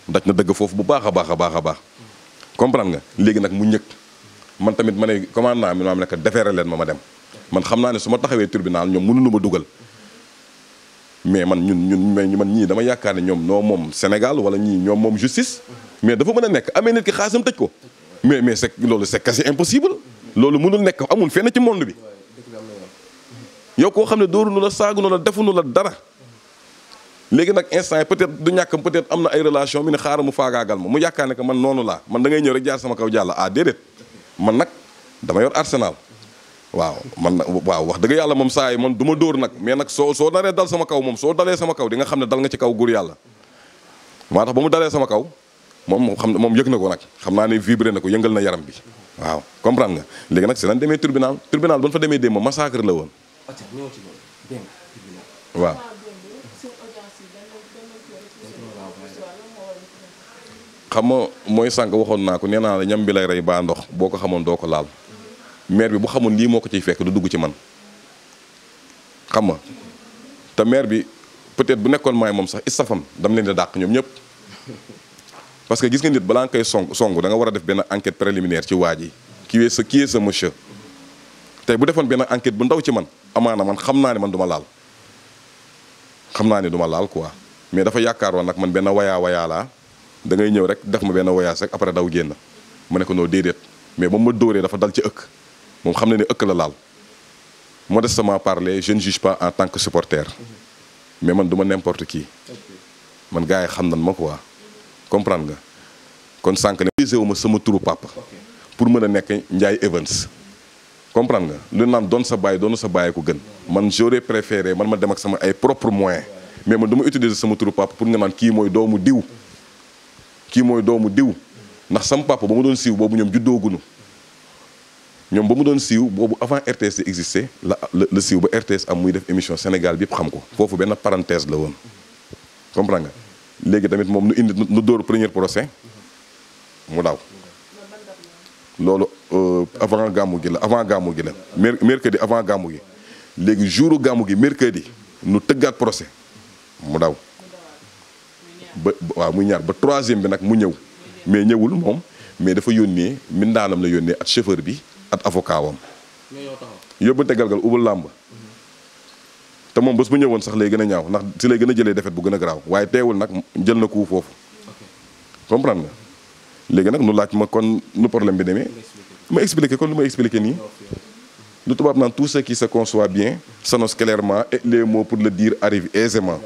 daj na dëgg foofu bu baax a baax a baax a baax comprendre nga léegi nag mu ñëkk man tamit ma ne commande naa mi ma am nekk defeere leen ma ma dem man xam naa ne su ma taxawee tribunal ñoom mënuñu ma dugal mais man ñun ñun mais man ñii dama yaakaar ne ñoom noo moom Sénégal wala ñii ñoom moom justice mais dafa mën a nekk amee nit ki xaasam ko mais mais c'est loolu c'est quasi impossible loolu mënul nekk amul fenn ci monde bi yow koo xam ne dóorunu la saagunu la defunu la dara léegi nag instant yi peut-être du ñàkk peut-être am na ay relation mi ne xaaral mu faagaagal ma mu yaakaar ne man noonu laa man da ngay ñëw rek jaar sama kaw jàll a ah, déedéet man nag dama yor arsenal waaw man waaw wax dëgg yàlla moom saa yi man du ma dóor nag mais nag soo soo naree dal sama kaw moom soo dalee sama kaw di nga xam ne dal nga ci kaw góor yàlla maa tax ba mu dalee sama kaw moom xam moom yëg na ko nag xam naa ne vibré na ko yëngal na yaram bi waaw comprendre nga léegi nag si lañ demee tribunal tribunal ba ñu fa demee démb massacre la woon waaw xam nga mooy sànq waxoon naa ko neenaa naa la ñam bi lay rey baa ndox boo ko xamoon doo ko laal maire bi bu xamoon lii moo ko ciy fekk du dugg ci man xam nga te maire bi peut-être bu nekkoon maay moom sax istafam dam leen di dàq ñoom ñëpp parce que gis nga nit balaa nga koy song song da nga war a def benn enquête préliminaire ci waa ji qui sa ce sa est ce bu defoon benn enquête bu ndaw ci man amaana man xam naa ne man duma laal xam naa ni duma laal quoi mais dafa yaakaaroon nag man benn wayaa wayaa laa da ngay ñëw rek def ma benn wayaas rek daw génn ma ne ko noo mais ba ma dafa dal ci ëkk moom xam na ni ëkk la laal modestement parlé je ne juge pas en tant que supporter mais man du ma n'importe qui man gars yi xam nan ma ko waa comprendre nga kon sànq ne gisee wu ma sama turu papa pour mën a nekk Ndiaye Evans comprendre nga lu naan doon sa bàyyi doon sa bàyyi ko gën man j'aurais préféré man ma dem ak sama ay propres moyens mais man du ma utiliser sama turu papa pour nga naan kii mooy doomu diw kii mooy doomu diw ndax sama papa ba ma doon siiw boobu ñoom juddooguñu ñoom ba mu doon siiw boobu avant RTS di la la siiw ba RTS am muy def émission Sénégal bi yëpp xam ko foofu benn parenthèse la woon comprends nga léegi tamit moom nu indi nu dóor premier procès mu daw loolu euh, avant gàmmu gi la avant gàmmu gi la mercredi avant gàmmu gi léegi jouru gàmmu gi mercredi nu tëggaat procès mu daw ba waaw muy ñaar ba troisième bi nag mu ñëw mais ñëwul moom mais dafa yónnee mindaanam la yónnee at chauffeur bi ab avocat wam yóbbante galgal ubul làmb mhm. te moom bés mu ñëwoon sax lay gën a ñaaw ndax si lay gën a jëlee defet bu gën a garaaw waaye teewul nag jël na ko foofu comprendre nga léegi nag nu laaj ma kon nu problème bi demee ma expliqué kon lu ma expliqué nii lu tubaab naan tout ce qui se conçoit bien s'annonce clairement et les mots pour le dire arrivent aisément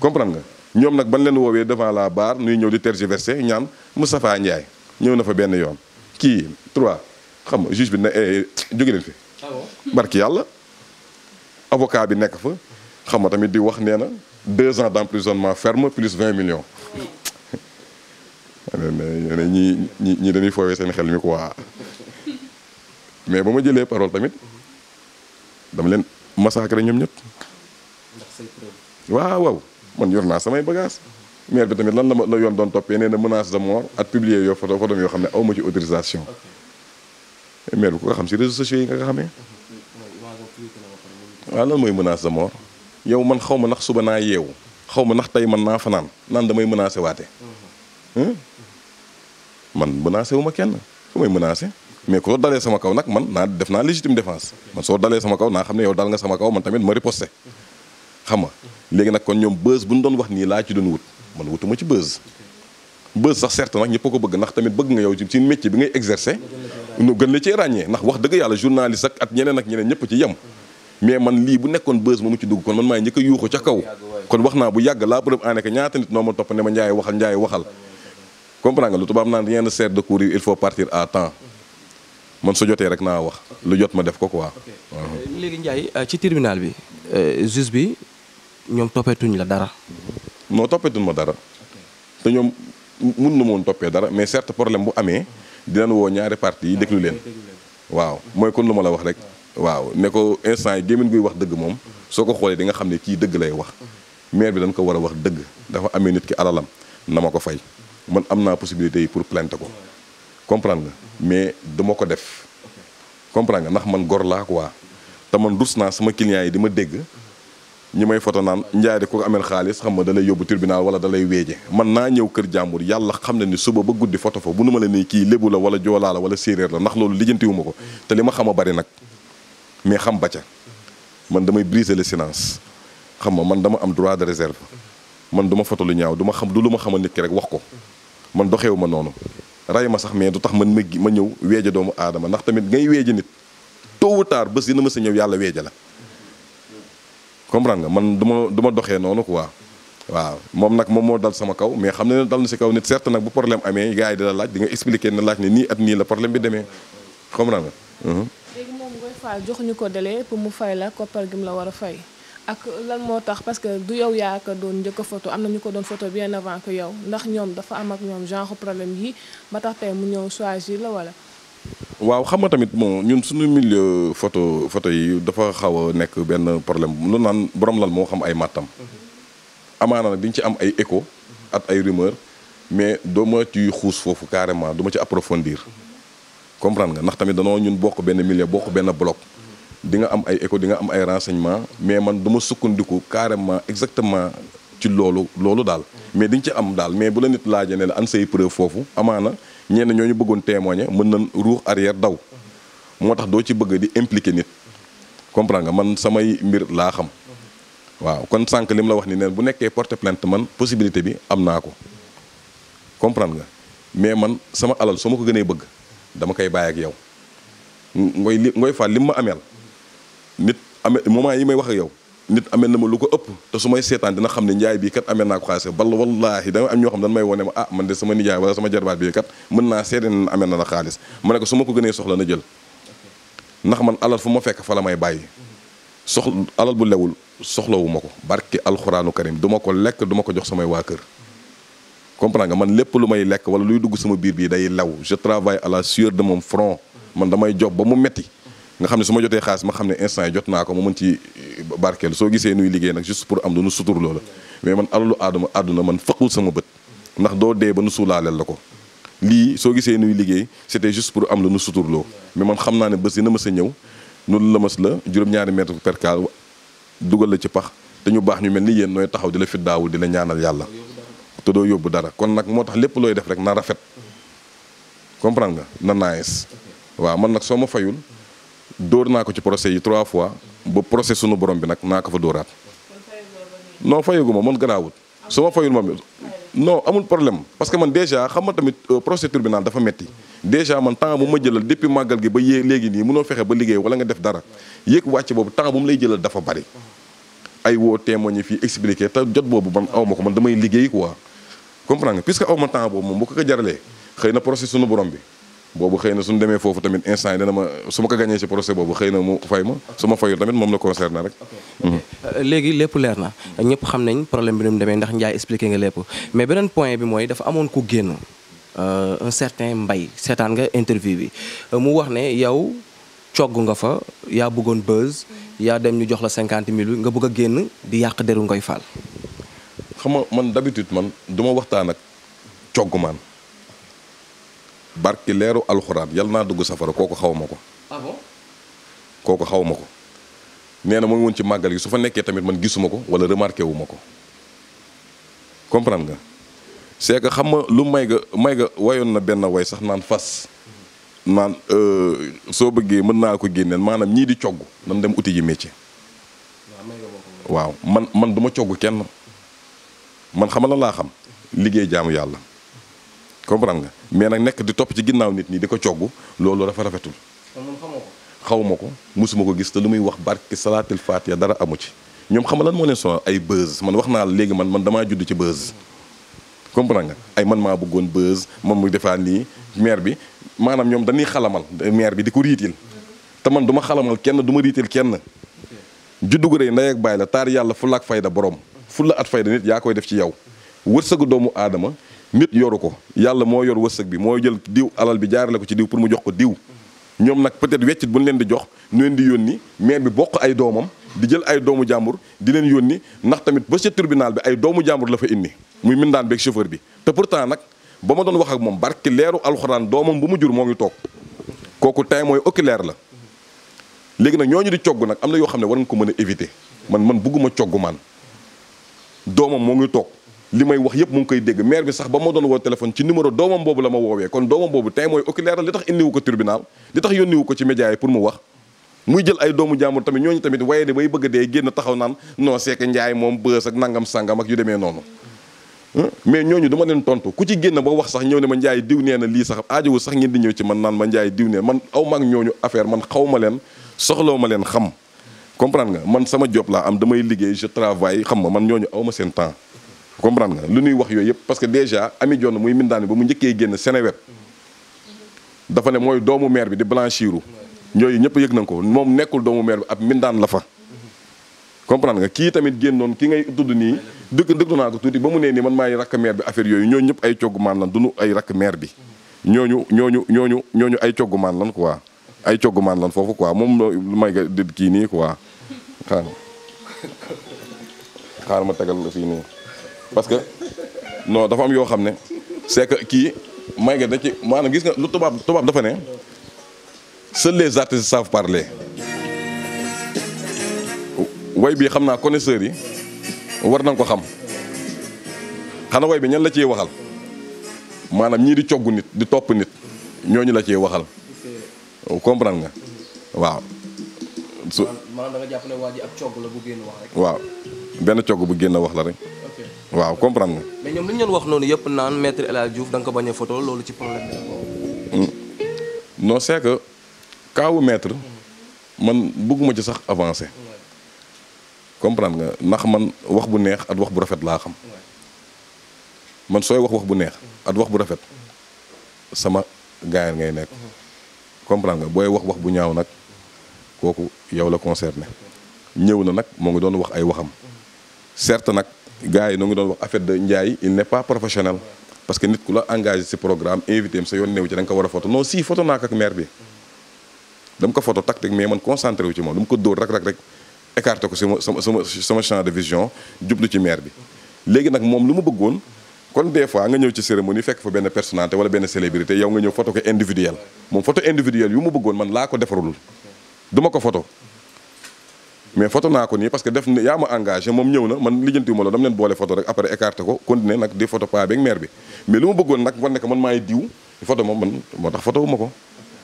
comprendre nga ñoom nag ban leen woowee devant la barre nuy ñëw di tergiverser ñaan Moustapha Ndiaye ñëw na fa benn yoon kii trois xam nga juge bi ne eh, jóge leen fi. Ah yàlla avocat bi nekk fa. xam nga tamit di wax nee na deux ans d' emprisonnement ferme plus vingt million nee na ñi ñi ñi dañuy foowee seen xel mi quoi mais ba ma jëlee parole tamit dama leen massacré ñoom ñëpp. waaw waaw man yor naa samay bagage maire bi tamit lan la ma la yoon doon toppee nee na menace de mort ak publier yoo photo photo yoo xam ne aw ma ci autorisation. mais lu ko xam ci réseaux sociaux yi nga xamee. waaw lan mooy menace de mort. yow man xaw ma ndax suba naa yeewu. xaw ma ndax tey man naa fanaan naan damay menacé waate. Hmm? man menacé wu kenn ku may menacé. mais ko dalee sama kaw nag man naa def naa légitime défense man soo dalee sama kaw naa xam ne yow dal nga sama kaw man tamit ma riposté xam nga léegi nag kon ñoom buzz bu ñu doon wax nii laa ci doon wut man wutuma ci buzz bës sax certes nag ñëpp a ko bëgg ndax tamit bëgg nga yow ci métier bi ngay exercer nu gën la cee ràññee ndax wax dëgg yàlla journaliste ak at ñeneen ak ñeneen ñëpp ci yem mais man lii bu nekkoon bës moomu ci dugg kon man maay njëkk a yuuxu ca kaw kon wax naa bu yàgg laa preuve en est que ñaata nit noo ma topp ne ma njaay waxal njaay waxal comprendre nga lu tubaab naan rien ne sert de courir il faut partir à temps man su jotee rek naa wax lu jot ma def ko quoi. Euh, léegi Ndiaye euh, ci tribunal bi euh, juge bi ñoom toppatuñ la dara. non toppatuñ ma dara mun na moon toppee dara mais certes problème bu amee di dinañ woo ñaari parti yi déglu leen waaw mooy kon lu ma la wax rek waaw ne ko instant yi gémmiñ guy wax dëgg moom soo ko xoolee di nga xam ne kii dëgg lay wax maire bi dañ ko war a wax dëgg dafa amee nit ki alalam na ma ko fay man am naa possibilité yi pour plainte ko comprendre nga mais duma ko def comprendre nga ndax man gor laa ko waa te man rus naa sama clients yi di ma dégg ñi may foto naan njaay de ko amel xaalis xam ma da yóbbu tribunal wala dalay lay weeje man naa ñëw kër jàmbur yàlla xam ne ni suba ba guddi foto fa bu nu ma la nii kii lébu la wala joolaa la wala séeréer la ndax loolu lijjanti ko te li ma xam a bari nag mais xam ba ca man damay briser le silence xam nga man dama am droit de réserve man du ma foto lu ñaaw du ma xam du lu ma xamal nit ki rek wax ko man doxewu ma noonu ray ma sax mais du tax man ma ma ñëw weeje doomu aadama ndax tamit ngay weeje nit tôt ou tard bés dina ma sa ñëw yàlla weeje la comprendre nga man du ma du ma doxee noonu quoi waaw moom nag moom moo dal sama kaw mais xam ne dal na si kaw nit certes nag bu problème amee gars yi dina laaj di nga expliquer na laaj ne nii at nii la problème bi demee comprendre nga. Mhm. léegi moom joxuñu ko délai pour mu fay la koppar gi mu la war a fay ak lan moo tax parce que du yow yaa ko doon njëkk a photo am na ñu ko doon photo bien avant que yow ndax ñoom dafa am ak ñoom genre problème yi ba tax tey mu ñëw choisir la wala. waaw xam nga tamit bon ñun suñu milieu photo photo yi dafa xaw nekk benn problème lu naan borom lan moo xam ay mattam amaana nag di ñu ci am ay éco at ay rumeur mais doo ma ci xuus foofu carrément du ma ci approfondir comprendre nga ndax tamit danoo ñun bokk benn milieu bokk benn bloc di nga am ay éco di nga am ay renseignement mais man du ma sukkandiku carrément exactement ci loolu loolu daal mais di ci am daal mais bu la nit laajee ne la an say foofu amaana ñenn ñooñu bëggoon témoigner mën nañ ruux arrière daw moo tax doo ci bëgg di impliqué nit comprendre nga man samay mbir laa xam waaw kon sànq lim la wax ni neen bu nekkee porte plante man possibilité bi am naa ko comprendre nga mais man sama alal su ma ko gënee bëgg dama koy bàyyi ak yow ngoy li ngoy faal li mu ma ameel nit ame moment yi may wax ak yow nit amee na ma lu ko ëpp te su may seetaan dina xam ne njaay bii kat amee naa ko xaalis bal wallaahi dama am ñoo xam dañ may wone ma ah man de sama nijaay wala sama jarbaat bii kat mën naa seede na na xaalis ma ne ko su ma ko gënee soxla na ndax man alal ma fekk fa may bàyyi soxla alal bu ko barke alxuraanu karim du ma ko lekk du ko jox samay waa kër comprends man lépp lu may lekk wala luy dugg sama biir bii day lew je travaille à la sueur de mon front man damay job ba mu metti nga xam ne su ma jotee xaalis ma xam ne instant yi jot naa ko ma mën ci barkeel soo gisee nuy liggéey nag juste pour am lu nu sutur la mais man alalu aadama àdduna man faqul sama bët ndax doo dee ba nu suulaaleel la ko lii soo gisee nuy liggéey c'était juste pour am lu nu suturloo mais man xam naa ne bés si mës a ñëw nunu lëmas la juróom-ñaari mètre perkaal dugal la ci pax te ñu baax ñu mel ni yéen nooy taxaw di la fi daawu di la ñaanal yàlla te doo yóbbu dara kon nag moo tax lépp looy def rek na rafet comprendre nga na nice waaw man nag soo ma fayul dóor naa ko ci procès yi trois fois ba procès sunu borom bi nag naa ko fa dóoraat non fayaguma man garaawut su ma fayul moom non amul problème parce que man déjà xam nga tamit euh, procès tribunal dafa metti déjà man temps mu ma jëlal depuis màggal gi ba yée léegi nii mënoo fexe ba liggéey wala nga def dara yéeg wàcc boobu temps bu mu lay jëlal dafa bari ay woo témoigné fi expliqué te jot boobu man aw ko man damay liggéey quoi comprendre nga puisque aw ma temps boobu moom ko ko jaralee xëy na sunu borom bi boobu xëy na suñu demee foofu tamit instant yi dana ma su ma ko gañee ci procès boobu xëy na mu fay ma su ma fayul tamit moom la concerné rek euh, léegi lépp leer na ñëpp xam nañ problème bi nu mu demee ndax Ndiaye expliqué nga lépp mais beneen point bi mooy dafa amoon ku génn euh, un certain mbay seetaan nga interview bi euh, mu wax ne yow cogg nga fa yaa bëggoon buzz yaa dem ñu jox la cinquante mille nga bëgg a génn di yàq deru Ngoy Fall xam nga man d'habitude man du ma waxtaan ak cogg maan barki leeru alxuraan yal naa dugg safara kooku xaw ma ko. Ah kooku xaw ma ko. nee na mu ngi woon ci màggal gi su fa nekkee tamit man gisuma ko wala remarqué wu ma ko comprendre nga c'est que xam nga lu may ga may ga wayoon na benn way sax naan fas naan euh, soo bëggee mën naa ko génneel maanaam ñii di cogg nan dem uti ji métier waaw man man du ma cogg kenn man xamala laa xam liggéey jaamu yàlla comprendre nga mais nag nekk di topp ci ginnaaw nit ñi di ko cogg loolu dafa rafetul. xaw ma ko mosuma ko gis te lu muy wax barke salaatil faatiha dara amu ci ñoom xam lan moo leen sonal ay buzz man wax naa léegi man man damaa judd ci buzz. comprendre nga ay man maa bëggoon buzz moom mu defaa nii maire bi maanaam ñoom dañuy xalamal maire bi di ko riitil te man du ma xalamal kenn du ma riitil kenn juddu gu rëy ndey ak bàyyi la taar yàlla fulla ak fayda borom fulla at fayda nit yaa koy def ci yow wërsëgu doomu aadama nit yoru ko yàlla moo yor wërsëg bi moo jël diw alal bi jaarale ko ci diw pour mu jox ko diw ñoom nag peut-être weccit bu ñu leen di jox ñu leen di yónni maire bi bokk ay doomam di jël ay doomu jàmbur di leen yónni ndax tamit ba ca tribunal bi ay doomu jàmbur la fa indi muy mindaan beeg chauffeur bi te pourtant nag ba ma doon wax ak moom barki leeru alxuraan doomam bu mu jur moo ngi toog kooku tey mooy oculaire la léegi nag ñoo ñu di cogg nag am na yoo xam ne war nga ko mën a éviter man man bëgguma cogg man doomam moo ngi toog li may wax yëpp mu ngi koy dégg maire bi sax ba ma doon woo téléphone ci numéro doomam boobu la ma woowee kon doomam boobu tey mooy oculaire li tax indiwu ko tribunal li tax yónniwu ko ci média yi pour mu wax muy jël ay doomu jàmbur tamit ñooñu tamit waaye de bay bëgg dee génn taxaw naan non c'est que njaay moom bës ak nangam sangam ak yu demee noonu mais ñooñu dama leen tontu ku ci génn ba wax sax ñëw ne ma njaay diw nee na lii sax aajowul sax ngeen di ñëw ci man naan ma njaay diw nee man aw maag ñooñu affaire man xaw ma leen soxloo ma leen xam comprendre nga man sama job am damay liggéey je travaille xam ma man ñooñu aw ma seen temps comprendre nga lu ñuy wax yooyu yëpp parce que déjà Ami Dione muy mindaani ba mu njëkkee génn Seneweb dafa ne mooy doomu maire bi di blanchiru ñooyu ñëpp yëg nañ ko moom nekkul doomu maire bi ab mindaan la fa comprendre nga kii tamit génn génnoon ki ngay tudd nii dëkk dëgg naa ko tuuti ba mu nee nii man maay rakk maire bi affaire yooyu ñooñu ñëpp ay coggu maan lan duñu ay rakk maire bi ñooñu ñooñu ñooñu ñooñu ay coggu maan lan quoi ay coggu maan lan foofu quoi moom lu may kii nii quoi xaar xaar ma tegal la fii nii parce que no dafa am yoo xam ne c'est que kii may nga da ci maanaam gis nga lu tubaab tubaab dafa ne seuls les artistes savent parler way bii xam naa connaisseurs yi war nañ ko xam xana way bi ñan la ciy waxal maanaam ñii di cogg nit di topp nit ñooñu la ciy waxal comprendre nga waaw su maanaam da nga waa ji ab cogg la bu génn wax rek waaw benn cogg bu génn wax la rek waaw comprendre nga. mais ñoom li ñu leen wax noonu yëpp naan maître El Hadj Diouf da a photo loolu ci problème bi hmm. non c'est que kaawu man bëgguma ci sax avancé comprendre nga ndax man wax bu neex at wax bu rafet laa xam man sooy wax wax bu neex at wax bu rafet mm-hmm. sama gaayaan ngay nekk mm-hmm. comprendre nga booy wax wax bu ñaaw nag kooku yow la concerné ñëw na nag moo ngi doon wax ay waxam mm-hmm. certes nag. gars yi nu ngi doon wax affaire de Ndiaye il n'est pas professionnel parce que nit ku la engagé si programme invité am sa yoon néew ci da nga ko war a photo non si photo naa ko ak maire bi dama ko photo tactique mais man concentré wu ci moom dama ko dóor rek rek rek écarté ko sama sama sama sama champ de vision jublu ci maire bi léegi nag moom lu ma bëggoon kon des fois nga ñëw ci cérémonie fekk fa benn personnalité wala benn célébrité yow nga ñëw photo ko individuel moom photo individuel yu mu bëggoon man laa ko defarul duma ko photo mais photo naa ko nii parce que def na yaa engagé moom ñëw na man lijjantiwu ma loolu dama leen boole photo rek après écarté ko continuer nag di photo paa beeg bi mais lu ma bëggoon nag war nekk man maay diw photo moom man moo tax photo wu ko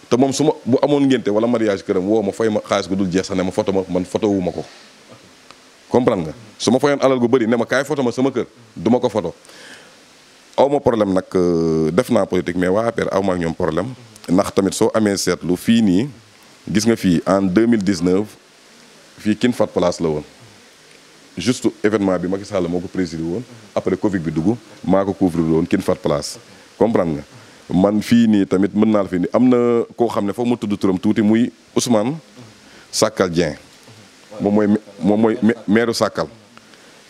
te moom ma bu amoon ngénte wala mariage këram woo ma fay ma xaalis gu dul jeex sax ne ma photo ma man photo ko comprendre nga su ma fayoon alal gu bëri ne ma kaay foto ma sama kër du ma ko photo aw ma problème nag euh, def naa politique mais waa APR aw ma ñoom problème ndax tamit soo amee seetlu fii nii gis nga fii en 2019 fii kin fat place la woon juste événement bi Macky Sall moo ko présider woon après Covid bi dugg maa ko couvrir woon kin fat place comprendre nga man fii nii tamit mën naa la fi ni am na koo xam ne foog mu tudd turam tuuti muy Ousmane Sakal Dieng moom mooy moom mooy maire Sakal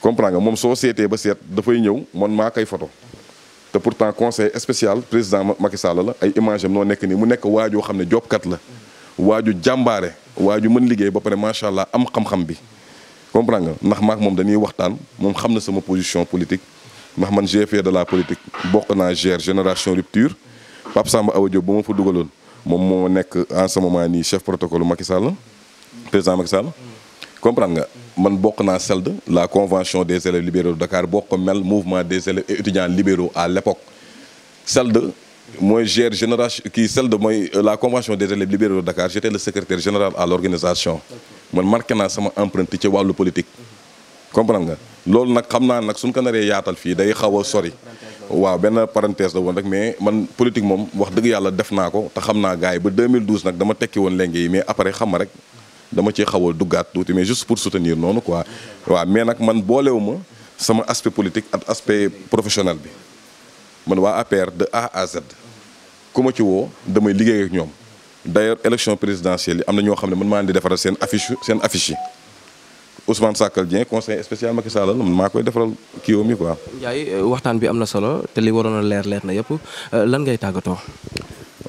comprendre nga moom soo seetee ba seet dafay ñëw man maa koy photo te pourtant conseil spécial président Macky Sall la ay image noo nekk nii mu nekk waajoo xam ne jobkat la waaju jàmbaare waa ju man liggéey ba pare macha allah am xam-xam bi comprends nga ndax maak moom dañuy waxtaan moom xam na sama position politique ndax man j'ai fait de la politique bokk naa gère génération rupture Pape Samba Awa Diop ba ma fa dugaloon moom moo nekk en ce moment nii chef protocole Macky Sall président Macky Sall comprendre nga man bokk naa CELD la convention des élèves libéraux de Dakar bokk mel mouvement des élèves et étudiants à l'époque CELD mooy gère génération kii celle de mooy euh, la convention de élèves libéraux de Dakar j'étais le secrétaire général à l'organisation man marqué naa sama empreinte ci wàllu politique comprendre nga loolu nag xam naa nag suñ ko naree yaatal fii day xaw a sori waa benn parenthèse la woon rek mais man politique moom wax dëgg yàlla def naa ko te xam naa gars yi ba 2012 nag dama tekki woon léegi yi mais après xam ma rek dama cee xaw a duggaat tuuti mais juste pour soutenir noonu quoi waaw mais nag man boolewuma sama aspect politique ak aspect professionnel bi man waa APR de à Z ku ma ci woo damay liggéey ak ñoom d'ailleurs élection présidentielle yi am na ñoo xam ne man maa leen di defaral seen affiche seen affiche yi Ousmane Sakal Dieng conseil spécial Macky Sall man maa koy defaral kii mi quoi. Ndiaye euh, waxtaan bi am na solo te li waroon a leer leer na yëpp euh, lan ngay tàggatoo.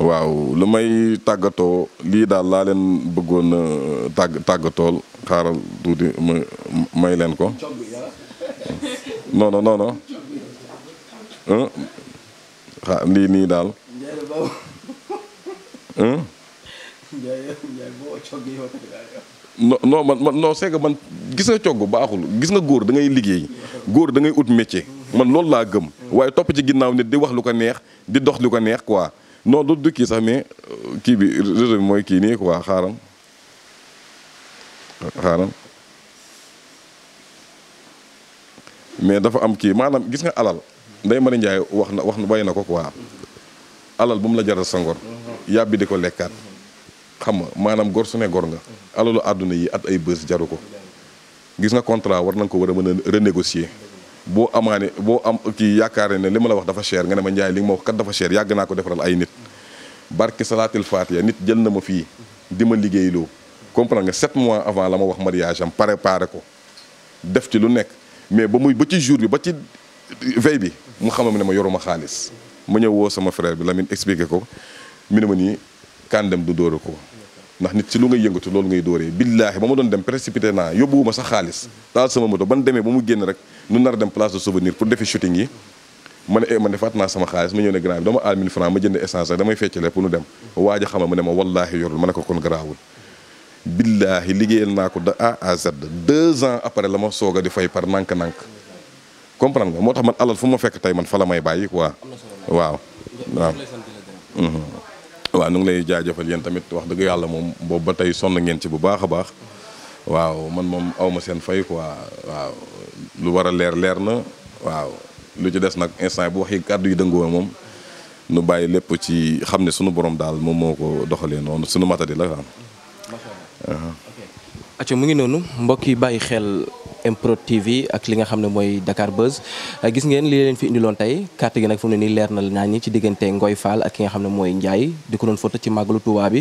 waaw lu may tàggatoo lii daal laa leen bëggoon euh, tàgg tàggatool xaaral tuuti may leen ko non non non non lii nii daal. non hm? non man man non c'est man gis nga cogg baaxul gis nga góor da ngay liggéey góor dangay ngay ut métier man loolu laa gëm waaye topp ci ginnaaw nit di wax lu ko neex di dox lu ko neex quoi non du du kii sax mais euh, kii bi réseau mooy kii nii quoi xaaral xaaral mais dafa am kii maanaam gis nga alal Ndeye Marie Ndiaye wax na wax na bay na ko quoi alal bu mu la jaral sa ngor yàbbi di ko lekkaat xam nga maanaam gor su ne gor nga alalu àdduna yi at ay bës jaru ko gis nga contrat war nañ ko war a mën a renégocier boo amaane boo am kii yaakaar ne li ma la wax dafa cher nga ne ma njaay li nga ma wax kat dafa cher yàgg naa ko defaral ay nit barke salaatil faatiya nit jël na ma fii di ma liggéeyloo comprendre nga sept mois avant la ma wax mariage am préparé ko def ci lu nekk mais ba muy ba ci jour bi ba ci veille bi mu xamam ne ma yoruma xaalis ma ñëw woo sama frère bi Lamine expliqué ko mi ne ma nii kàndem du dóore ko ndax nit ci lu ngay yëngatu loolu ngay dóoree billaahi ba ma doon dem précipité naa yóbbuwuma sax xaalis daal sama moto ban demee ba mu génn rek nu nar dem place de souvenir pour defi shooting yi ma ne eh, ma ne faat naa sama xaalis ma ñëw ne grand bi dama aal 1000 francs ma jënd essence damay feccale pour nu dem waaj a xamal ma ne ma wallaahi yorul ma ne ko kon garaawul billaahi liggéeyal naa ko de A à Z deux ans après la ma soog a di fay par nànk-nànk comprend nga moo tax man alal fu ma fekk tey man fa la may bàyyi quoi. waaw waaw. Mhm. waaw nu ngi lay jaajëfal yéen tamit wax dëgg yàlla moom boobu ba tey sonn ngeen ci bu baax a baax. waaw man moom awma seen fay quoi waaw lu war a leer leer na waaw lu ci des nag instant bu wax yi kàddu yi dëngoo moom. nu bàyyi lépp ci xam ne sunu boroom daal moom moo ko doxalee noonu sunu matadi la waaw. aco mu ngi noonu mbokk yi bàyyi xel MPROD TV ak li nga xam ne mooy Dakar Buzz ah, gis ngeen li leen fi indiloon tey carte gi nag fu mu ne nii leer na ñaan ñi ci diggante Ngoy Fall ak ki nga xam ne mooy Ndiaye di ko doon foto ci màggalu Touba bi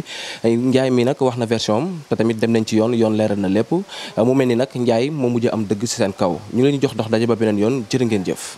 Ndiaye mi nag wax na version am te tamit dem nañ ci yoon yoon leeral na lépp ah, mu mel ni nag Ndiaye moo mujj am dëgg ci seen kaw ñu leen jox dox daje ba beneen yoon jërë ngeen jëf